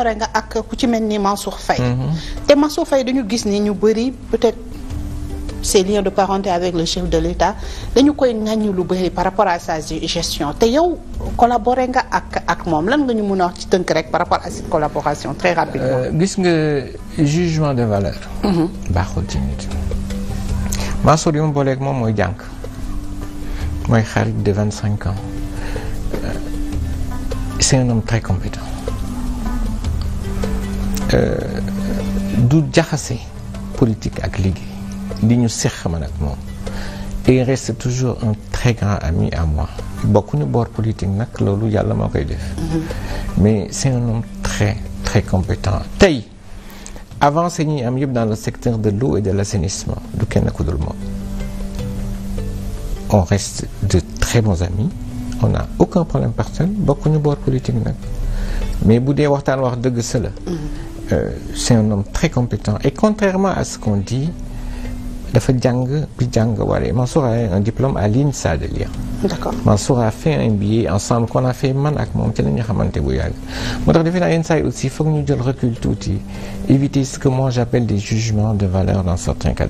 collaboré nga ak ku ci mel ni Mansour Faye mhm. te Mansour Faye dañu gis ni ñu bëri peut-être ses liens de parenté avec le de l'État dañu koy ŋàññi lu bëri par rapport à gestion te yow collaboré nga ak ak moom lan nga ñu mën a wax ci tënk rek par rapport à cette collaboration très euh, gis nga jugement de valeur mhm. baaxul ci nit Mansour yu mu booleeg moom mooy jànk mooy xarit de vingt cinq ans euh, c'est un homme très compétent Euh, du jaxase politique ak liggéey di ñu séq man ak moom il reste toujours un très grand ami à moi bokkuñu boor politique nag loolu yàlla moo koy def mm-hmm. mais c'est un homme très très compétent tey avancé ñuy am yëpp dans le secteur de l'eau et de l'assainissement du kenn ku dul moom on reste de très bons amis on n'a aucun problème personnel bokkuñu boor politique nag mais bu dee waxtaan wax dëgg sala mm-hmm. euh, c'est un homme très compétent et contrairement à ce qu'on dit dafa jàng bi jàng waree Mansour a un diplôme à l'INSA de Lyon. d'accord Mansour a fait un billet ensemble qu'on a fait man ak moom ce la ñu xamante bu yàgg. moo tax defe naa yenn saa yi aussi foog ñu jël recul tuuti éviter ce que moi j'appelle des jugements de valeur dans certains cas.